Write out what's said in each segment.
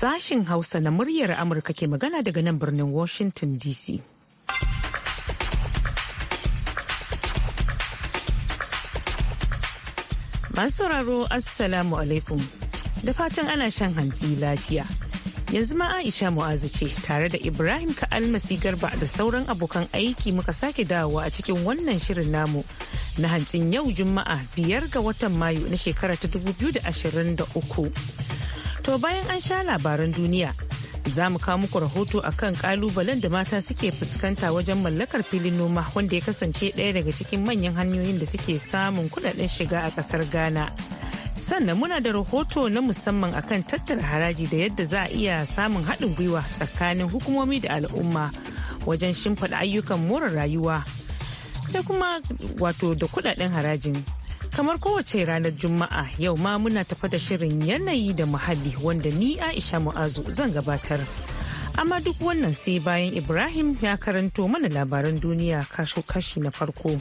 Sashin Hausa na muryar Amurka ke magana daga nan birnin Washington DC. Masu sauraro Assalamu alaikum da fatan ana shan hantsi lafiya. Yanzu ma Aisha Mu'azu ce tare da Ibrahim ka almasi Garba da sauran abokan aiki muka sake dawowa a cikin wannan shirin namu na hantsin yau Juma'a biyar ga watan Mayu na shekara ta 2023. To bayan an sha labaran duniya, za mu kawo muku rahoto akan kalubalen da mata suke fuskanta wajen mallakar filin noma wanda ya kasance ɗaya daga cikin manyan hanyoyin da suke samun kudaden shiga a ƙasar Ghana. Sannan muna da rahoto na musamman akan tattara haraji da yadda za a iya samun haɗin gwiwa tsakanin hukumomi da al'umma wajen shimfiɗa ayyukan more rayuwa sai kuma wato da kudaden harajin. Kamar kowace ranar Juma'a yau ma muna tafa da shirin yanayi da muhalli wanda ni Aisha Mu'azu zan gabatar. Amma duk wannan sai bayan Ibrahim ya karanto mana labaran duniya kashi kashi na farko.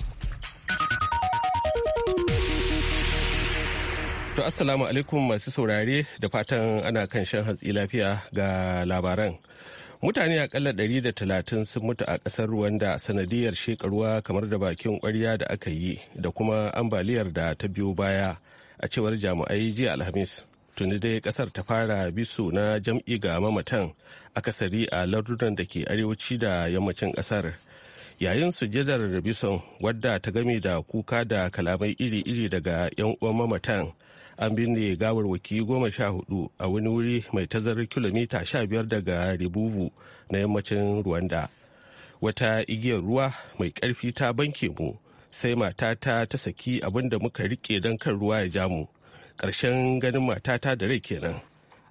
To Assalamu alaikum masu saurare da fatan ana kan shan hatsi lafiya ga labaran. mutane akalla talatin sun mutu a ƙasar ruwanda sanadiyar shekaruwa kamar da bakin kwarya da aka yi da kuma ambaliyar da ta biyo baya a cewar jami'ai jiya alhamis tuni dai ƙasar ta fara biso na jam'i ga mamatan akasari a lardunan da ke arewaci da yammacin ƙasar yayin sujadar bison wadda ta game da kuka da kalamai iri-iri daga 'yan uwan mamatan an binne gawarwaki goma sha hudu a wani wuri mai tazarar kilomita sha biyar daga ribuvu na yammacin rwanda wata igiyar ruwa mai karfi ta banke mu sai matata ta saki abin da muka rike don kan ruwa ya ja mu ƙarshen ganin matata da rai kenan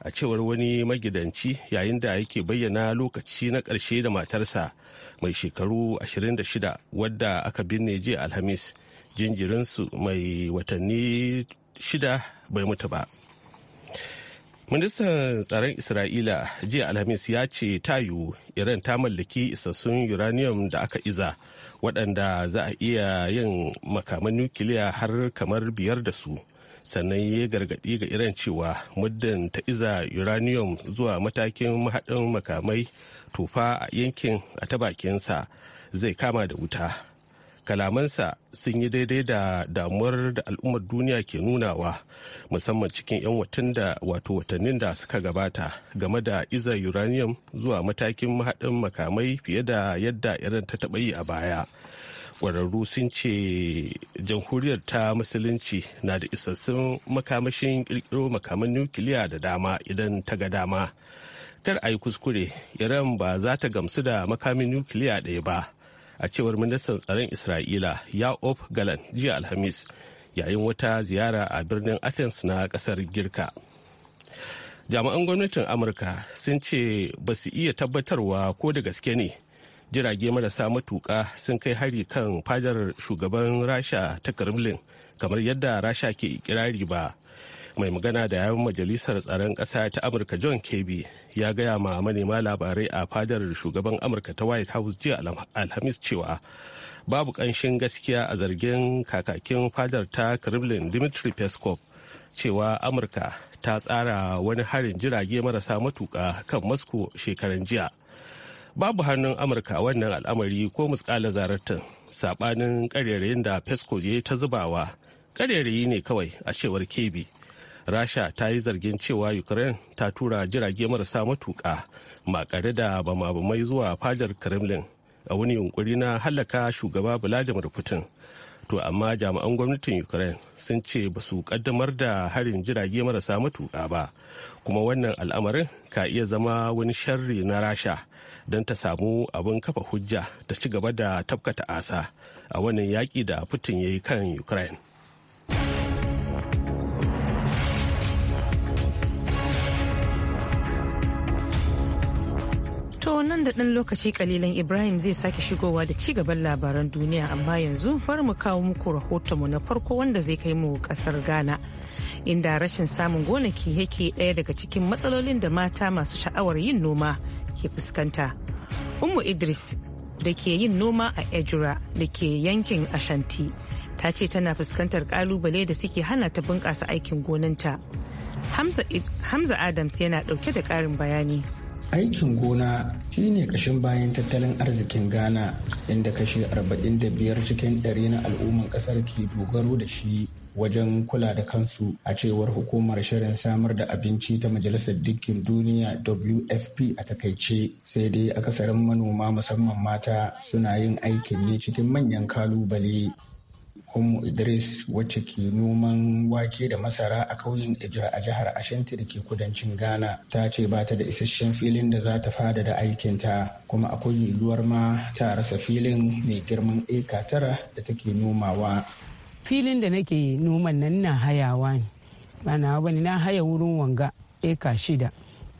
a cewar wani magidanci yayin da yake bayyana lokaci na ƙarshe da matarsa mai shekaru 26 wadda aka binne jiya alhamis jinjirinsu mai watanni shida bai mutu ba ministan tsaron isra'ila jiya alhamis ya ce ta iran ta mallaki isassun uranium da aka iza waɗanda za a iya yin makaman nukiliya har kamar biyar da su sannan ya gargaɗi ga iran cewa muddin ta iza uranium zuwa matakin mahaɗin makamai tufa a yankin a ta bakinsa zai kama da wuta kalamansa sun yi daidai da damuwar da al'ummar duniya ke nunawa musamman cikin 'yan watan da wato watannin da suka gabata game da iza uranium zuwa matakin mahaɗin makamai fiye da yadda irin ta taɓa yi a baya ƙwararru sun ce jamhuriyar ta musulunci na da isassun makamashin ƙirƙiro makaman nukiliya da dama idan ta ga dama kar a yi kuskure iran ba za ta gamsu da makamin nukiliya ɗaya ba a cewar ministan tsaron isra'ila ya of galan jiya alhamis yayin wata ziyara a birnin athens na kasar girka jami'an gwamnatin amurka sun ce ba su iya tabbatarwa ko da gaske ne jirage marasa matuka sun kai hari kan fadar shugaban rasha ta kremlin kamar yadda rasha ke ikirari ba mai magana da yawun majalisar tsaron ƙasa ta amurka john kirby ya gaya ma manema labarai a fadar shugaban amurka ta white house jiya alhamis cewa babu ƙanshin gaskiya a zargin kakakin fadar ta kremlin dmitry peskov cewa amurka ta tsara wani harin jirage marasa matuka kan moscow shekaran jiya babu hannun amurka wannan al'amari ko muskala zarartan sabanin karerayin da pesco ya ta zubawa karerayi ne kawai a cewar kebi rasha ta yi zargin cewa ukraine ta tura jirage marasa matuka makare da bama zuwa fadar kremlin a wani yunkuri na hallaka shugaba vladimir putin to amma jami'an gwamnatin ukraine sun ce ba su kaddamar da harin jirage marasa matuka ba kuma wannan al'amarin ka iya zama wani sharri na rasha don ta samu abin kafa hujja ta ci gaba da tafkata asa a wannan yaƙi da putin ya yi kan ukraine To nan da ɗan lokaci kalilan Ibrahim zai sake shigowa da ci gaban labaran duniya amma yanzu bari mu kawo muku rahotonmu na farko wanda zai kai mu ƙasar Ghana. Inda rashin samun gonaki yake ɗaya daga cikin matsalolin da mata masu sha'awar yin noma ke fuskanta. Ummu Idris da ke yin noma a Ejura da ke yankin Ashanti ta ce tana fuskantar kalubale da suke hana ta bunƙasa aikin gonanta. Hamza Adams yana ɗauke da ƙarin bayani. aikin gona shine kashin bayan tattalin arzikin ghana inda kashe 45 cikin 100 na al'umman kasar ke dogaro da shi wajen kula da kansu a cewar hukumar shirin samar da abinci ta majalisar dukkin duniya wfp a takaice sai dai a akasarin manoma musamman mata suna yin aikin ne cikin manyan kalubale Ummu Idris wacce ke noman wake da masara a ƙauyen Ijira a jihar Ashanti da ke kudancin Ghana ta ce ba ta da isasshen filin da za ta fada da aikinta kuma akwai yiwuwar ma ta rasa filin mai girman eka tara da take nomawa. Filin da nake noman nan na hayawa ne. Ba na bane na haya wurin wanga eka shida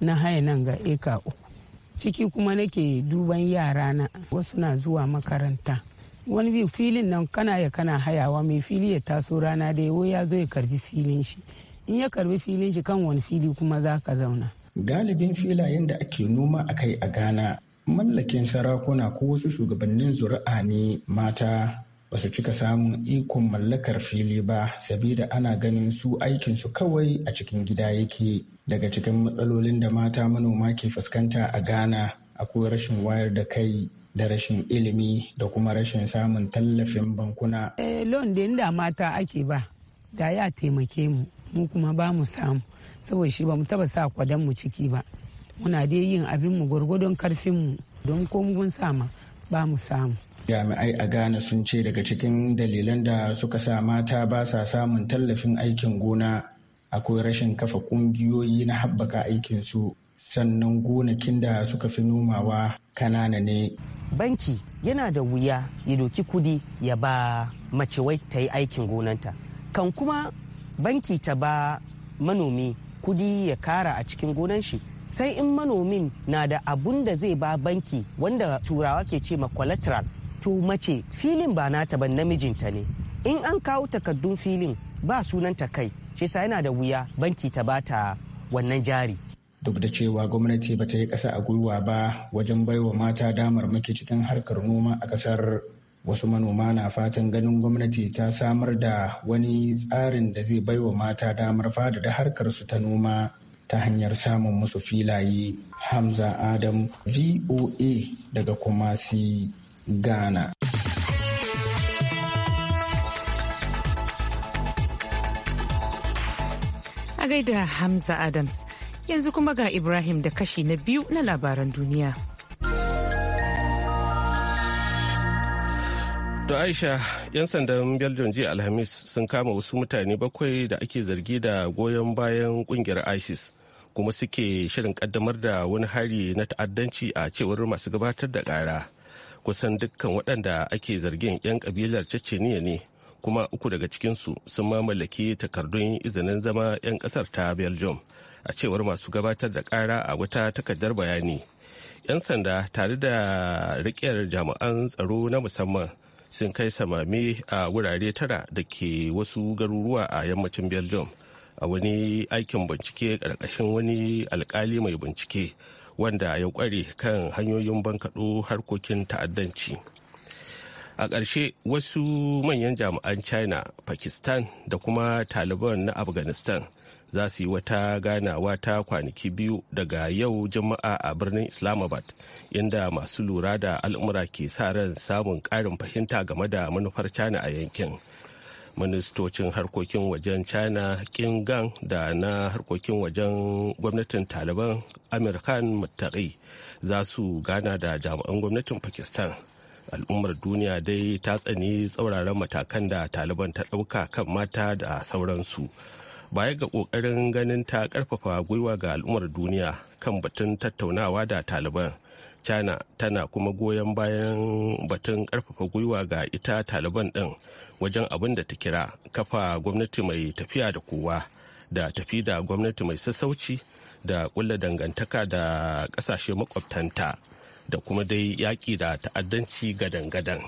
na haya nan ga eka uku. Ciki kuma nake duban yarana wasu na zuwa makaranta. wani biyu filin nan kana ya kana hayawa mai fili ya taso rana da yawo ya zo ya karbi filin shi in ya karbi filin shi kan wani fili kuma za ka zauna galibin filayen da ake noma a kai a ghana mallakin sarakuna ko wasu shugabannin zuri'a ne mata ba su cika samun ikon mallakar fili ba sabida ana ganin su aikinsu kawai a cikin gida yake daga cikin matsalolin da mata manoma ke fuskanta a ghana akwai rashin wayar da kai da rashin ilimi da kuma rashin samun tallafin bankuna. Eh, loan din da mata ake ba da ya taimake mu mu kuma ba mu samu saboda shi ba mu taba sa kwadon mu ciki ba muna dai yin abin mu gwargwadon karfin mu don ko mugun sama ba mu samu. jami'ai a ghana sun ce daga cikin dalilan da suka sa mata ba sa samun tallafin aikin gona akwai rashin kafa kungiyoyi na haɓaka aikinsu sannan gonakin da suka fi nomawa kanana ne banki yana da wuya ya doki kudi ya ba mace wai ta yi aikin gonanta kan kuma banki ta ba manomi kudi ya kara a cikin gonan shi sai in manomin na da abun da zai ba banki wanda turawa ke ce ma collateral to mace filin ba nata ba namijinta ne in an kawo takardun filin ba sunanta kai shi yana da wuya banki ta ba ta wannan jari duk da cewa gwamnati ba ta yi ƙasa a gwiwa ba wajen baiwa mata damar maki cikin harkar noma a ƙasar wasu manoma na fatan ganin gwamnati ta samar da wani tsarin da zai baiwa mata damar fadada harkar su ta noma ta hanyar samun musu filaye hamza adam voa daga kumasi ghana a gaida hamza adams Yanzu kuma ga Ibrahim da kashi na biyu na labaran duniya. Da Aisha, 'yan sandan Belgium jiya Alhamis sun kama wasu mutane bakwai da ake zargi da goyon bayan kungiyar ISIS kuma suke shirin kaddamar da wani hari na ta'addanci a cewar masu gabatar da ƙara. Kusan dukkan waɗanda ake zargin 'yan kabilar Ceceniya ne kuma uku daga cikinsu sun mamallaki takardun izinin zama 'yan ƙasar ta Belgium. a cewar masu gabatar da kara a wata takardar bayani 'yan sanda tare da rikiyar jami'an tsaro na musamman sun kai samame a wurare tara da ke wasu garuruwa a yammacin belgium a wani aikin bincike ƙarƙashin wani alkali mai bincike wanda ya ƙware kan hanyoyin bankaɗo harkokin ta'addanci a ƙarshe wasu manyan jami'an china pakistan da kuma taliban na afghanistan za su yi wata ganawa ta kwanaki biyu daga yau juma'a a birnin islamabad inda masu lura da al'umura ke sa ran samun ƙarin fahimta game da manufar china a yankin ministocin harkokin wajen china king da na harkokin wajen gwamnatin taliban amir khan za su gana da jami'an gwamnatin pakistan al'ummar duniya dai ta tsani tsauraran matakan da taliban ta ɗauka kan mata da sauransu baya ga ƙoƙarin ganin ta ƙarfafa gwiwa ga al'ummar duniya kan batun tattaunawa da taliban china tana kuma goyon bayan batun ƙarfafa gwiwa ga ita taliban din wajen abin da ta kira kafa gwamnati mai tafiya da kowa da tafi da gwamnati mai sassauci da kulla dangantaka da kasashe makwabtanta da kuma dai yaƙi da ta'addanci gadan-gadan.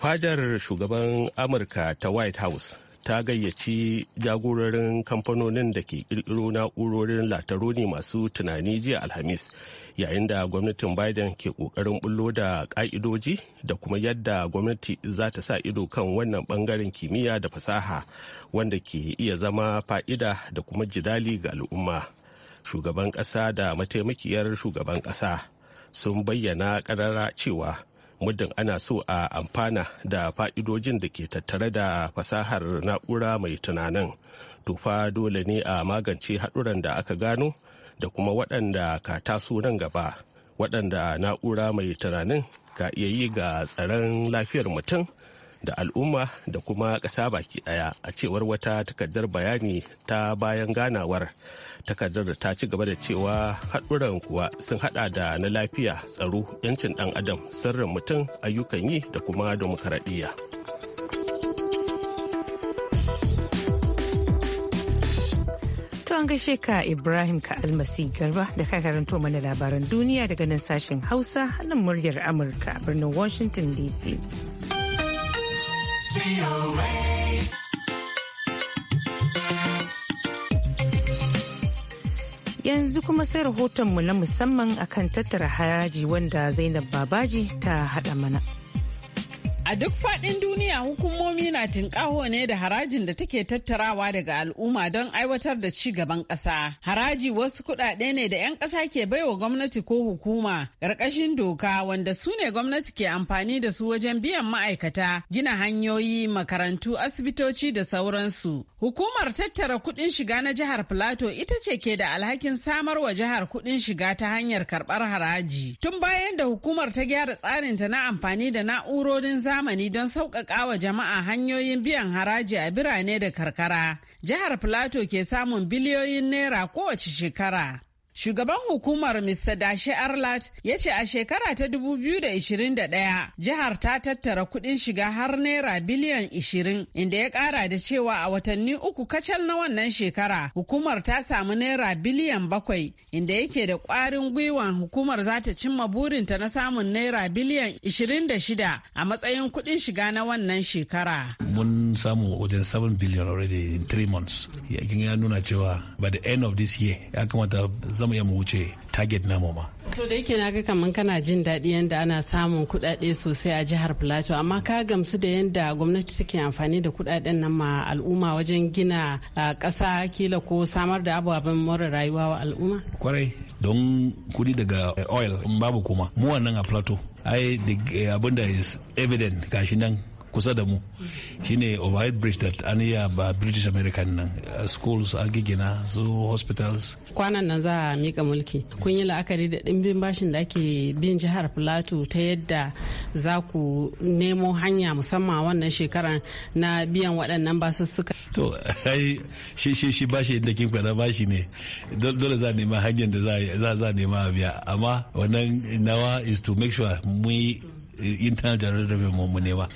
Fadar shugaban Amurka ta White House ta gayyaci jagororin kamfanonin da ke kirkiro na'urorin lataroni masu tunani jiya alhamis yayin da gwamnatin biden ke kokarin bullo da ka'idoji da kuma yadda gwamnati za ta sa ido kan wannan bangaren kimiyya da fasaha wanda ke iya zama fa'ida da kuma jidali ga al'umma shugaban ƙasa da mataimakiyar shugaban ƙasa sun bayyana ƙarara cewa muddin ana so a amfana da fa'idojin da ke tattare da fasahar na'ura mai tunanin tufa dole ne a magance haɗuran da aka gano da kuma waɗanda ka taso nan gaba waɗanda na'ura mai tunanin ka iya yi ga tsaron lafiyar mutum da al'umma da kuma ƙasa baki ɗaya a cewar wata takardar bayani ta bayan ganawar takardar da ta ci gaba da cewa haɗuran kuwa sun haɗa da na lafiya tsaro 'yancin ɗan adam sirrin mutum ayyukan yi da kuma demokaradiyya. an gaishe ka Ibrahim ka almasi garba da ka karanto mana labaran duniya daga nan sashen Hausa nan muryar Amurka a birnin Washington DC. Yanzu kuma sai rahotonmu na musamman akan tattara haraji wanda Zainab Babaji ta haɗa mana. A duk faɗin duniya hukumomi na tinƙaho ne da harajin da take tattarawa daga al'umma don aiwatar da ci gaban ƙasa. Haraji wasu kuɗaɗe ne da 'yan ƙasa ke baiwa gwamnati ko hukuma ƙarƙashin doka wanda su ne gwamnati ke amfani da su wajen biyan ma'aikata, gina hanyoyi, makarantu, asibitoci da sauransu. Hukumar tattara kuɗin shiga na jihar Filato ita ce ke da alhakin samar wa jihar kuɗin shiga ta hanyar karɓar haraji. Tun bayan da hukumar ta gyara tsarinta na amfani da na'urorin zamani zamani don sauƙaƙa wa jama'a hanyoyin biyan haraji a birane da karkara. Jihar Filato ke samun biliyoyin naira kowace shekara. Shugaban hukumar Mr. Dashe Arlat ya ce a shekara ta 2021 jihar ta tattara kuɗin shiga har naira biliyan 20 inda ya ƙara da cewa a watanni uku kacal na wannan shekara hukumar ta samu naira biliyan 7 inda yake da ƙwarin gwiwan hukumar za ta cimma burinta na samun naira biliyan 26 a matsayin kuɗin shiga na wannan shekara. Mun samu wajen 7 billion already in 3 months. Ya nuna cewa by the end of this year ya kamata zamu iya mu wuce target namu ma to da yake naga kaman kana jin daɗi yanda ana samun kuɗaɗe sosai a jihar plateau amma ka gamsu da yanda gwamnati suke amfani da kuɗaɗen nan ma al'umma wajen gina ƙasa kila ko samar da ababen more rayuwa wa al'umma kwarai don kuɗi daga eh, oil babu kuma mu wannan a plateau ai eh, abin da is evident gashi nan kusa da mu shine overhead bridge da an yi ba british american nan uh, schools an gigina su hospitals kwanan nan za a mika mulki kun yi la'akari da dimbin bashin da ake bin jihar plateau ta yadda za ku nemo hanya musamman wannan shekaran na biyan waɗannan basussuka to ai shi shi shi bashi da kin kwana bashi ne dole za nema hanyar da za za nema biya amma wannan nawa is to make sure mu internal da mu nema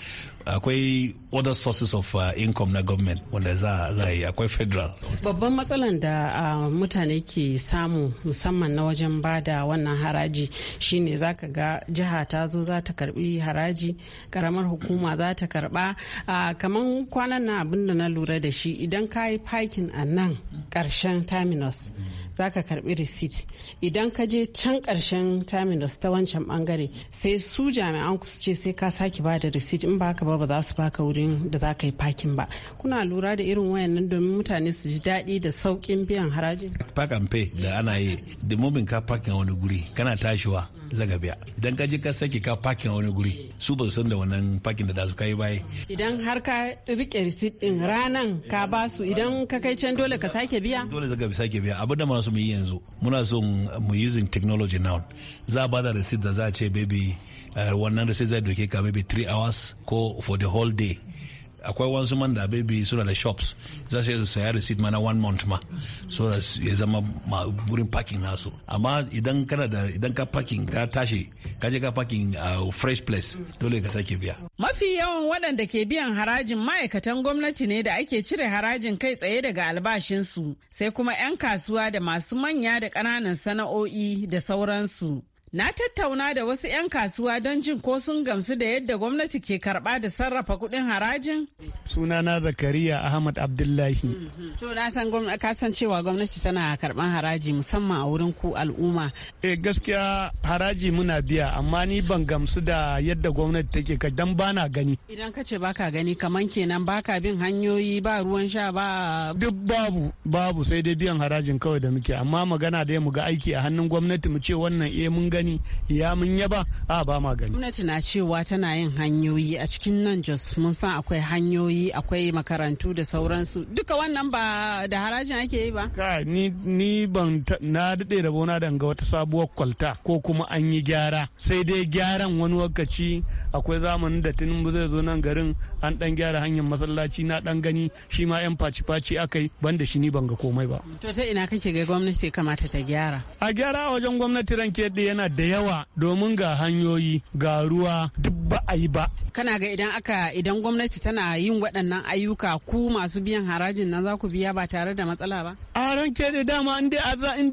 akwai other sources of uh, income na government wanda za a yi akwai federal babban matsalan da uh, mutane ke samu musamman na wajen bada wannan haraji shine za ka ga jiha ta zo za ta karbi haraji karamar hukuma za ta karba uh, kamar kwanan na abin da na lura da shi idan ka yi parking a nan karshen terminus za ka karbi receipt idan ka je can karshen terminus ta wancan bangare sai su jami'an ku ce sai ka sake bada receipt in ba ka ba ba za su baka wurin da za ka yi fakin ba kuna lura da irin wayannan domin mutane su ji daɗi da sauƙin biyan haraji park and pay da ana yi da mumin ka parking wani guri kana tashiwa zaga biya idan ka je ka sake ka parking wani guri su ba su san da wannan parking da za su kai baya idan har ka rike receipt din ranan ka ba su idan ka kai can dole ka sake biya dole zaga sake biya abu da masu mu yi yanzu muna so mu using technology now za ba da receipt da za a ce baby eh, wannan receipt zai doke ka maybe 3 hours ko for the whole day akwai wasu man da baby suna da shops za su iya saya receipt ma na one month ma so da ya zama wurin parking nasu amma idan kana da idan ka parking ka tashi ka je ka parking a uh, fresh place dole ka sake biya mafi yawan waɗanda ke biyan harajin ma'aikatan gwamnati ne da ake cire harajin kai tsaye daga albashinsu sai kuma 'yan kasuwa da masu manya da ƙananan sana'o'i da sauransu Na tattauna da wasu 'yan kasuwa don jin ko sun gamsu da yadda gwamnati ke karba da sarrafa kuɗin harajin? Sunana Zakariya Ahmad Abdullahi. Mhm. To na san kasancewa gwamnati tana karban haraji musamman a wurin ku al'umma. Eh gaskiya haraji muna biya amma ni ban gamsu da yadda gwamnati take ka dan bana gani. Idan ka ce baka gani kaman kenan baka bin hanyoyi ba ruwan sha ba. Duk babu babu sai dai biyan harajin kawai da muke amma magana dai mu ga aiki a hannun gwamnati mu ce wannan eh mun gani gani ya mun yaba a ba ma gani gwamnati na cewa tana yin hanyoyi a cikin nan jos mun san akwai hanyoyi akwai makarantu da sauransu duka wannan ba da harajin ake yi ba Kai ni ni ban na daɗe da bona danga wata sabuwar kwalta ko kuma an yi gyara sai dai gyaran wani lokaci akwai zamanin da tinubu zai zo nan garin an dan gyara hanyar masallaci na dan gani shi ma yan faci faci akai banda shi ni ban ga komai ba to ta ina kake ga gwamnati kamata ta gyara a gyara wajen gwamnati ranke yana da yawa domin ga hanyoyi ga ruwa duk ba a yi ba. Kana ga idan aka idan gwamnati tana yin waɗannan ayyuka ku masu biyan harajin nan za ku biya ba tare da matsala ba? A ranke da dama in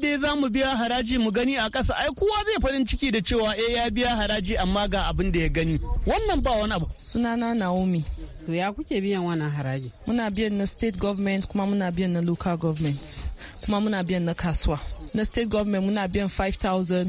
dai za mu biya haraji mu gani a ƙasa ai kowa zai farin ciki da cewa eh ya biya haraji amma ga abin da ya gani wannan ba wani abu. Sunana Naomi. To ya kuke biyan wannan haraji? Muna biyan na state government kuma muna biyan na local government kuma muna biyan na kasuwa. Na state government muna biyan 5,000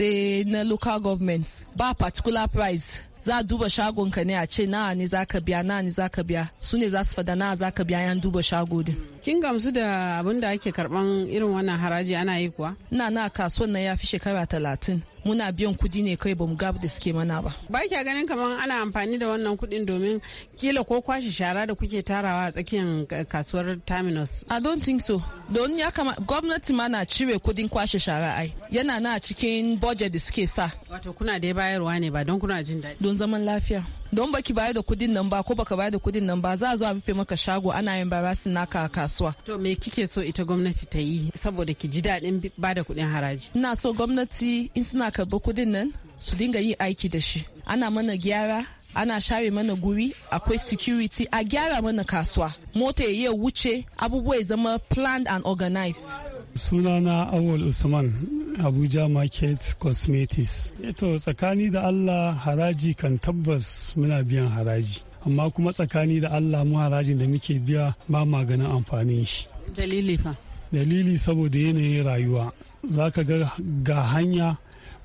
sai na local government ba particular price za a duba shagonka ne a ce na ne za ka biya na ne za ka biya su ne za su fada na za ka biya yan duba shago din. kin gamsu da abin da ake karban irin wannan haraji ana yi kuwa. na na kasuwan na ya fi shekara talatin muna biyan kudi ne kai bamu ga da suke mana ba ba kya ganin kamar ana amfani da wannan kudin domin kila ko kwashe shara da kuke tarawa a tsakiyar kasuwar terminus i don't think so don ya kama gwamnati ma na cire kudin kwashe shara ai yana na cikin budget da suke sa wato kuna dai bayarwa ne ba don kuna jin daɗi don zaman lafiya don baki bayar da kudin nan ba ko baka bayar da kudin nan ba za a zo a rufe maka shago ana yin barasin naka a kasuwa to me kike so ita gwamnati ta yi saboda ki ji daɗin ba da kudin haraji ina so gwamnati in suna karɓar kudin nan su dinga yin aiki da shi ana mana gyara ana share mana guri akwai security a gyara mana kasuwa mota ya wuce abubuwa ya zama planned and organized sunana awol usman abuja market cosmetics eto tsakani da allah haraji kan tabbas muna biyan haraji amma kuma tsakani da allah mu harajin da muke biya ba maganin amfanin shi dalili fa dalili saboda yanayin rayuwa za ka ga ga hanya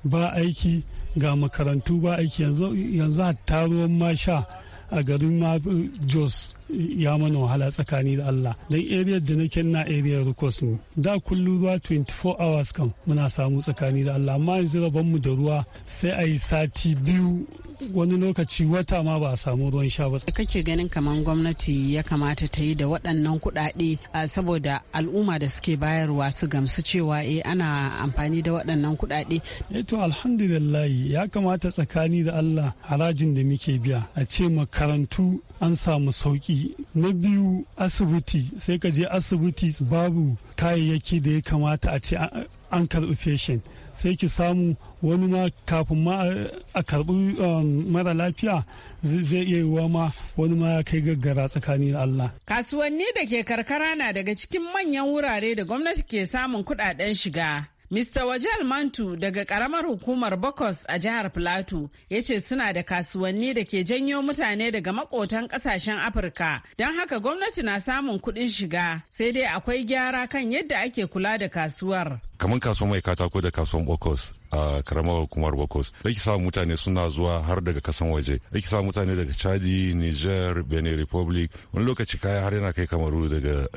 ba aiki ga makarantu ba aiki yanzu hatta ruwan ma sha a garin ma jos ya mana wahala tsakani da Allah don area da nake na area rukos ne da kullu ruwa 24 hours kan muna samu tsakani da Allah amma yanzu rabon mu da ruwa sai a yi sati biyu wani lokaci wata ma ba a samu ruwan sha ba. Kake ganin kamar gwamnati ya kamata ta yi da waɗannan kuɗaɗe saboda al'umma da suke bayarwa su gamsu cewa e ana amfani da waɗannan kuɗaɗe. Eh to alhamdulillah ya kamata tsakani da Allah harajin da muke biya a ce makarantu an samu sauki na biyu asibiti sai ka je asibiti babu kayayyaki da ya kamata a ce an karɓi feshin sai ki samu wani ma kafin ma eh, a karɓi um, mara lafiya zai iya yiwuwa ma wani ma ya kai gaggara tsakanin Allah. Kasuwanni da ke karkara na daga cikin manyan wurare da gwamnati ke samun kuɗaɗen shiga. Mr. Wajal Mantu daga karamar hukumar Bokos a jihar Filato ya ce suna da kasuwanni da ke janyo mutane daga makotan kasashen Afirka don haka gwamnati na samun kuɗin shiga sai dai akwai gyara kan yadda ake kula da kasuwar. Kamar kasuwan mai katako da kasuwan Bokos a karamar hukumar bokos ake samun mutane suna zuwa har daga kasan waje ake samun mutane daga chadi niger benin republic wani lokaci kaya har yana kai kamaru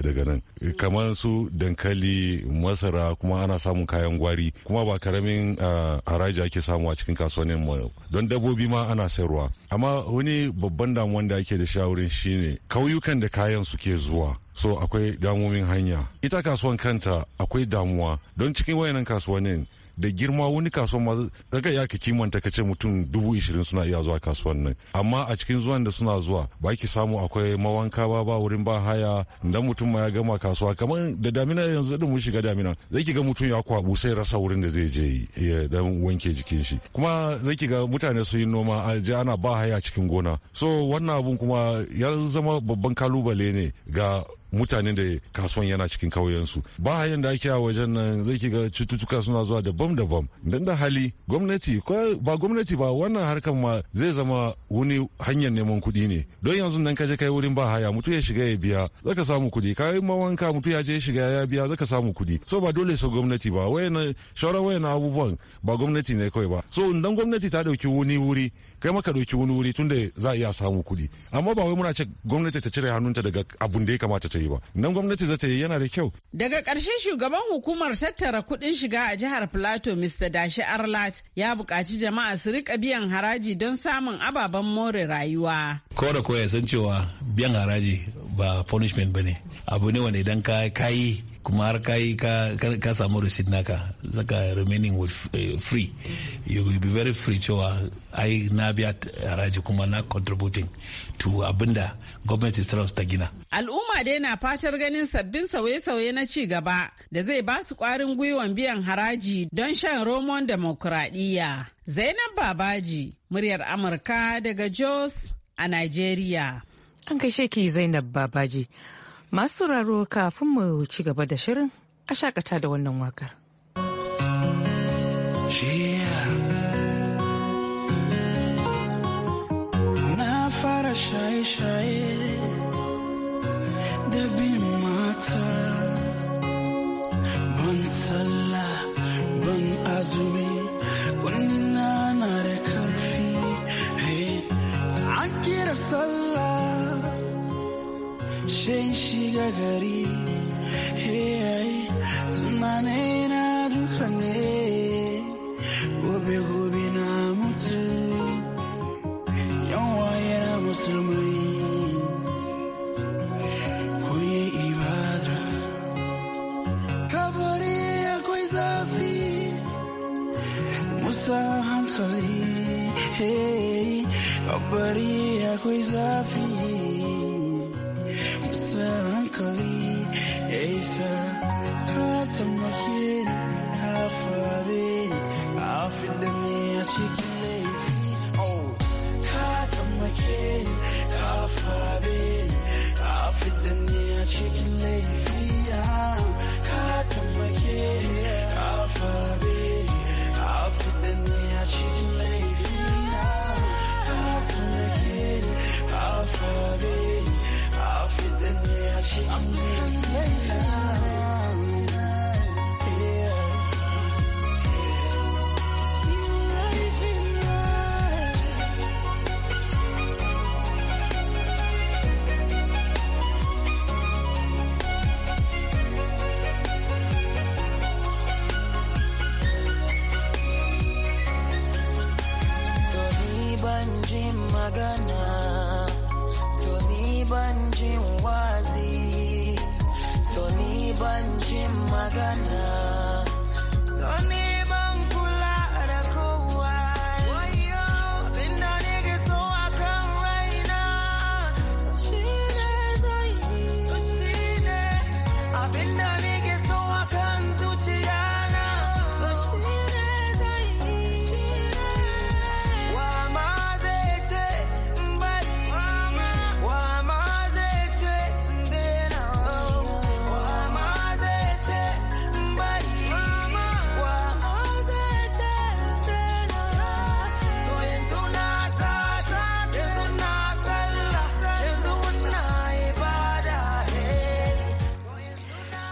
daga nan kamar su dankali masara kuma ana samun kayan gwari kuma ba karamin haraji ake samu a cikin kasuwannin mu don dabbobi ma ana sayarwa amma wani babban damuwan da ake da shawarin shine kauyukan da kayan suke zuwa so akwai damomin hanya ita kasuwan kanta akwai damuwa don cikin wayannan kasuwannin da girma wani kasuwan ma daga ya ka kimanta ka ce mutum dubu ishirin suna iya zuwa kasuwan nan amma a cikin zuwan da suna zuwa ba ki samu akwai mawanka ba ba wurin ba haya da mutum ma ya gama kasuwa kamar da damina yanzu din mun shiga damina zai ki ga mutum ya kwabu sai rasa wurin da zai je ya dan wanke jikin shi kuma zai ki ga mutane su yi noma a je ana ba haya cikin gona so wannan abun kuma ya zama babban kalubale ne ga Mutane da kasuwan yana cikin kauyensu ba hayan da ake a wajen nan zai ga cututtuka suna zuwa daban-daban don da hali gwamnati ba gwamnati ba wannan harkar ma zai zama wani hanyar neman kuɗi ne don yanzu nan kaje kai wurin ba haya mutu ya shiga ya biya zaka samu kuɗi kayan wanka mutu ya je ya shiga ya biya zaka samu kuɗi so ba dole sau gwamnati ba wayan shawara wayan abubuwan ba gwamnati ne kawai ba so idan gwamnati ta ɗauki wani wuri kai maka doki wani wuri tunda za a iya samu kuɗi amma ba wai muna ce gwamnati ta cire hannunta daga abun da ya kamata ta yi ba nan gwamnati za ta yi yana da kyau daga ƙarshen shugaban hukumar tattara kuɗin shiga a jihar plateau mr dashi arlat ya buƙaci jama'a su rika biyan haraji don samun ababen more rayuwa ko da ko ya san cewa biyan haraji ba punishment ba abu ne wanda idan ka yi kuma har ka yi ka samu receipt naka zaka remaining with eh, free you will be very free cewa ai na biya haraji kuma na contributing to abinda is trust ta gina al'umma dai na fatar ganin sabbin sauye-sauye na ci gaba da zai ba su kwarin gwiwan biyan haraji don shan romon demokuraɗiyya zainab babaji muryar amurka daga jos a nigeria an kashe ki zainab babaji Masu sauraro kafin mu ci gaba da shirin a shakata da wannan wakar. Na fara shaye-shaye. shan shiga gari hey tunanai na duka ne gobe gobe na mutu yan waye na musulmai koye ibada kabari akwai zafi musa hankali hey kabari akwai zafi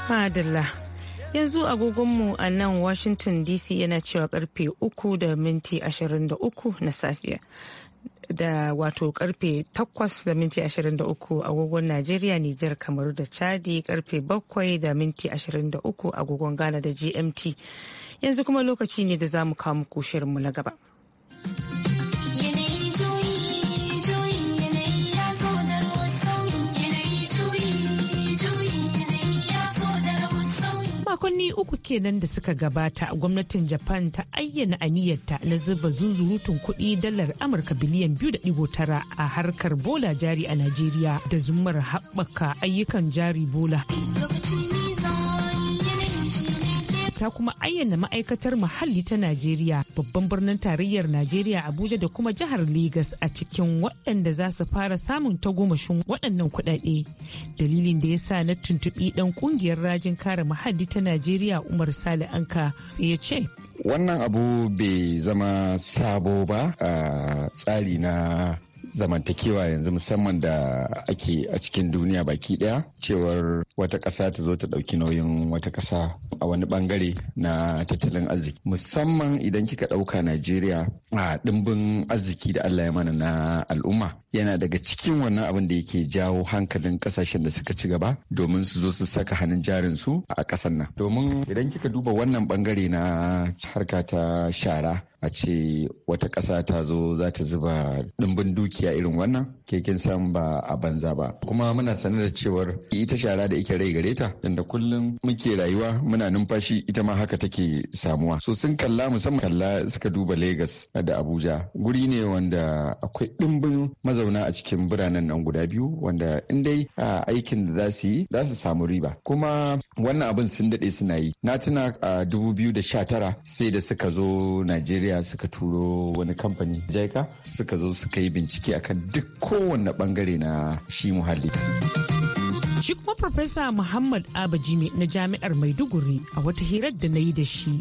Madalla. Yanzu agogonmu a nan Washington DC yana cewa karfe uku da minti ashirin da uku na safiya. Da wato karfe takwas da minti ashirin da uku agogon Najeriya, Nijar, Kamaru da Chadi karfe bakwai da minti ashirin da uku agogon Ghana da GMT. Yanzu kuma lokaci ne da za mu kawo muku shirinmu na gaba. makonni uku kenan da suka gabata gwamnatin japan ta ayyana aniyarta na zuba zuzurutun kuɗi dalar amurka biliyan 2.9 a harkar bola jari a najeriya da zumar haɓaka ayyukan jari bola. ta kuma ayyana ma'aikatar muhalli ta Najeriya babban birnin tarayyar Najeriya Abuja da kuma jihar Legas a cikin waɗanda za su fara samun tagomashin waɗannan kuɗaɗe. Dalilin da ya sa na tuntuɓi ɗan ƙungiyar rajin kare muhalli ta Najeriya Umar Sale Anka sai ya ce. Wannan abu bai zama sabo ba a tsari na zamantakewa yanzu musamman da ake a cikin duniya baki daya cewar wata ƙasa ta zo ta ɗauki nauyin wata ƙasa a wani bangare na tattalin arziki musamman idan kika ɗauka najeriya a dimbin arziki da allah ya mana na al'umma yana daga cikin wannan abin da yake jawo hankalin ƙasashen da suka ci gaba domin su zo su saka hannun jarin su a ƙasar nan domin idan kika duba wannan bangare na harka ta shara a ce wata ƙasa ta zo za ta zuba ɗimbin dukiya irin wannan keken san ba a banza ba kuma muna sanar da cewar ita shara da ike rai gare ta inda kullum muke rayuwa muna numfashi ita ma haka take samuwa so sun kalla musamman kalla suka duba Legas da Abuja guri ne wanda akwai ɗimbin mazauna a cikin biranen nan guda biyu wanda in dai aikin da za su yi za su samu riba kuma wannan abin sun daɗe suna yi na tuna a dubu biyu da sha tara sai da suka zo Najeriya najeriya suka turo wani kamfani jaika suka zo suka yi bincike akan duk kowane bangare na shi muhalli shi kuma profesa muhammad abajimi na jami'ar maiduguri a wata hirar da na yi da shi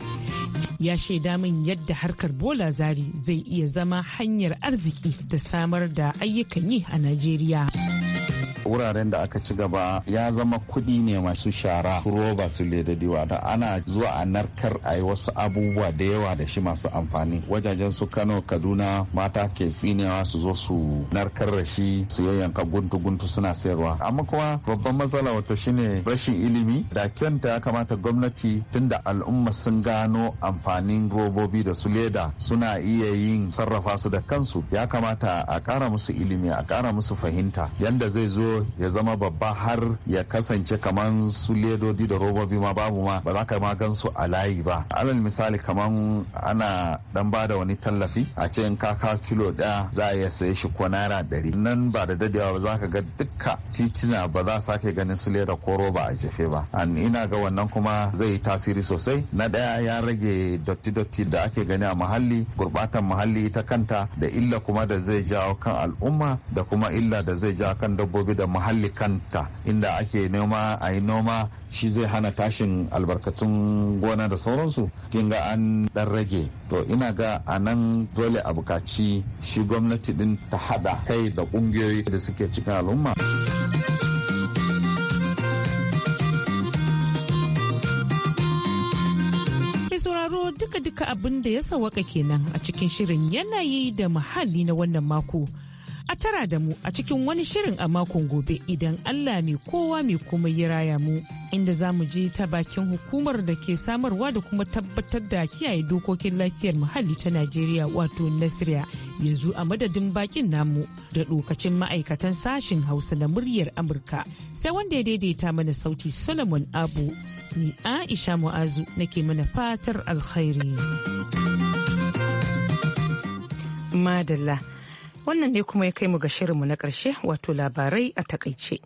ya shaida min yadda harkar bola zari zai iya zama hanyar arziki da samar da ayyukan yi a najeriya wuraren da aka ci gaba ya zama kuɗi ne masu shara roba su ledadiwa da ana zuwa a narkar a yi wasu abubuwa da yawa da shi masu amfani wajajen su kano kaduna mata ke tsinewa su zo su narkar da shi su yayyanka guntu guntu suna sayarwa amma kuma babban matsala wata shine rashin ilimi da kyanta ya kamata gwamnati tunda al'umma sun gano amfanin robobi da su leda suna iya yin sarrafa su da kansu ya kamata a kara musu ilimi a kara musu fahimta yanda zai zo ya zama babba har ya kasance kaman su ledodi da robobi ma babu ma ba za ka ma gan su a layi ba alal misali kamar ana dan ba da wani tallafi a ce in ka ka kilo daya za a iya saye shi ko naira dari nan ba da dadewa ba za ka ga dukka titina ba za sake ganin su leda ko roba a jefe ba an ina ga wannan kuma zai yi tasiri sosai na daya ya rage dotti-dotti da ake gani a muhalli gurbatan muhalli ta kanta da illa kuma da zai jawo kan al'umma da kuma illa da zai jawo kan dabbobi da da muhalli kanta inda ake noma a yi noma shi zai hana tashin albarkatun gona da sauransu kin ga an dan rage to ina ga a nan dole a bukaci shi gwamnati din ta hada kai da kungiyoyi da suke cikin al'umma sauraro duka-duka abin da ya sawaka kenan a cikin shirin yanayi da muhalli na wannan mako tara da mu a cikin wani shirin a makon gobe idan Allah mai kowa mai kuma yi raya mu inda za mu ji ta bakin hukumar da ke samarwa da kuma tabbatar da kiyaye dokokin lafiyar muhalli ta Najeriya wato Nasiriya yanzu a madadin bakin namu da dokacin ma'aikatan sashin Hausa na muryar Amurka sai wanda ya daidaita mana sauti Solomon Abu ni Aisha Mu'azu nake mana fatar alkhairi. Madalla. wannan ne kuma ya kai mu ga shirinmu na ƙarshe wato labarai a takaice.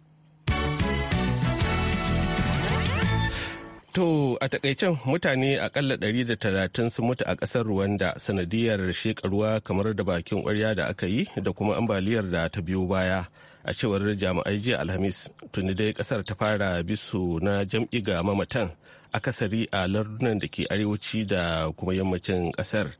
To a takaicen mutane akalla 130 sun mutu a ƙasar Rwanda sanadiyar shekaruwa kamar da bakin ƙwarya da aka yi da kuma ambaliyar da ta biyo baya a cewar jami'ai jiya Alhamis tuni dai ƙasar ta fara bisu na jam'i ga mamatan akasari a lardunan da ke arewaci da kuma yammacin ƙasar.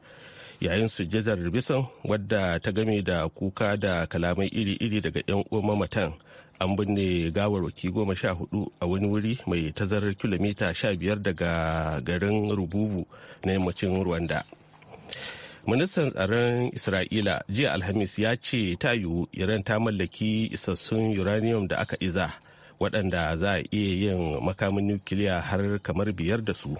yayin sujjadar bisan wadda ta game da kuka da kalamai iri-iri daga 'yan uwa mamatan an binne gawarwaki goma sha hudu a wani wuri mai tazarar kilomita sha biyar daga garin rububu na yammacin rwanda ministan tsaron isra'ila jiya alhamis ya ce ta yiwu iran ta mallaki isassun uranium da aka iza waɗanda za a iya yin makamin nukiliya har kamar biyar da su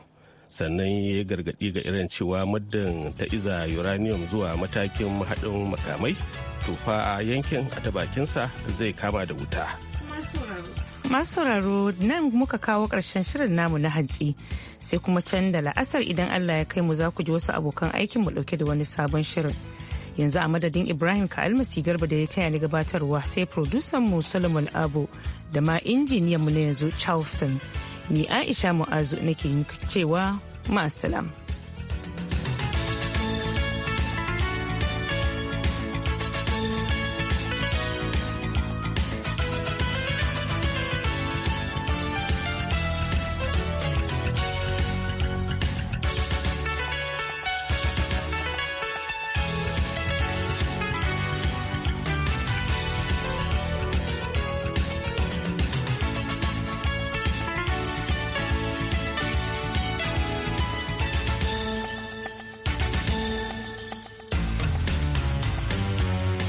sannan ya gargaɗi ga irin cewa muddin ta iza uranium zuwa matakin haɗin makamai tufa fa a yankin a ta bakinsa zai kama da wuta masu sauraro nan muka kawo ƙarshen shirin namu na hantsi sai kuma can da la'asar idan allah ya kai mu za ku ji wasu abokan aikin mu ɗauke da wani sabon shirin yanzu a madadin ibrahim ka almasi garba da ya taya ni gabatarwa sai producer mu solomon abu da ma injiniyan mu na yanzu charleston ni aisha mu'azu nake cewa ma'asalam.